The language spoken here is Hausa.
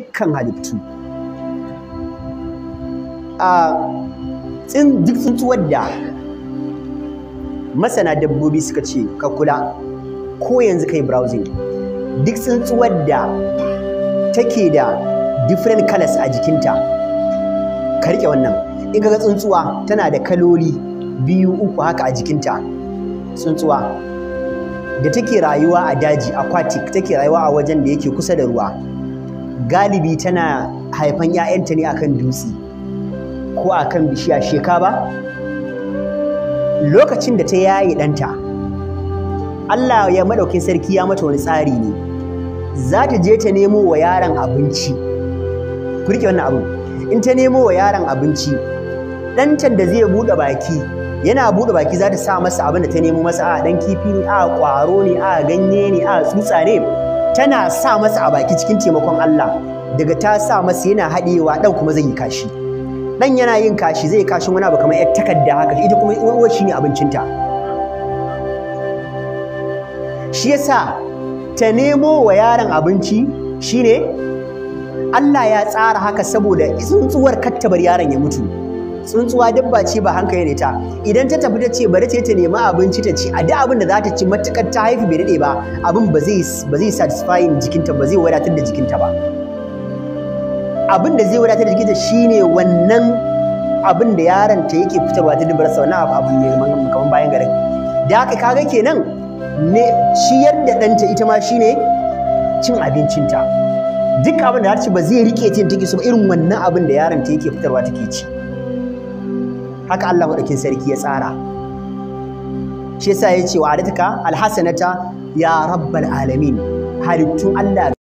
dukkan halittu a duk tsuntsuwar da masana dabbobi suka ce ka kula ko yanzu kai browsing duk tsuntsuwar da take da different colors a jikinta ka rike wannan in kaga tsuntsuwa tana da kaloli biyu uku haka a jikinta tsuntsuwa da take rayuwa a daji aquatic take rayuwa a wajen da yake kusa da ruwa galibi tana haifan 'ya'yanta ne akan dutse ko akan bishiya sheka ba lokacin da ta yaye ɗanta Allah ya maɗaukin sarki ya mata wani tsari ne za ta je ta nemo wa yaron abinci ku rike wannan abu in ta nemo wa yaron abinci ɗantan da zai buɗe baki yana buɗe baki za ta sa masa abin da ta nemo masa a ɗan kifi ne a ƙwaro ne a ganye ne a tsutsa ne tana sa masa a baki cikin taimakon Allah daga ta sa masa yana haɗewa ɗan kuma zai yi kashi ɗan yana yin kashi zai kashin wani abu kamar yar takarda haka ita kuma uwar shi ne abincinta shi yasa ta nemo wa yaron abinci shine Allah ya tsara haka saboda tsuntsuwar kattabar yaron ya mutu tsuntsuwa dabba ce ba hankali ne ta idan ta tafi ta ce bari ta ta nema abinci ta ci a duk abin da za ta ci matukar ta haifi bai daɗe ba abin ba zai ba zai jikinta ba zai wadatar da jikinta ba abin da zai wadatar da jikinta shine wannan abin da yaron ta yake fitarwa ta dubar sa wannan abu mai kaman bayan garin da aka kaga kenan ne ciyar da ɗanta ita ma shine cin abincinta duk abin da ta ci ba zai rike ta take so irin wannan abin da yaron ta yake fitarwa take ci haka Allah madaukin sarki ya tsara shi yasa ya ce wa adatuka alhasanata ya rabbal alamin halittun Allah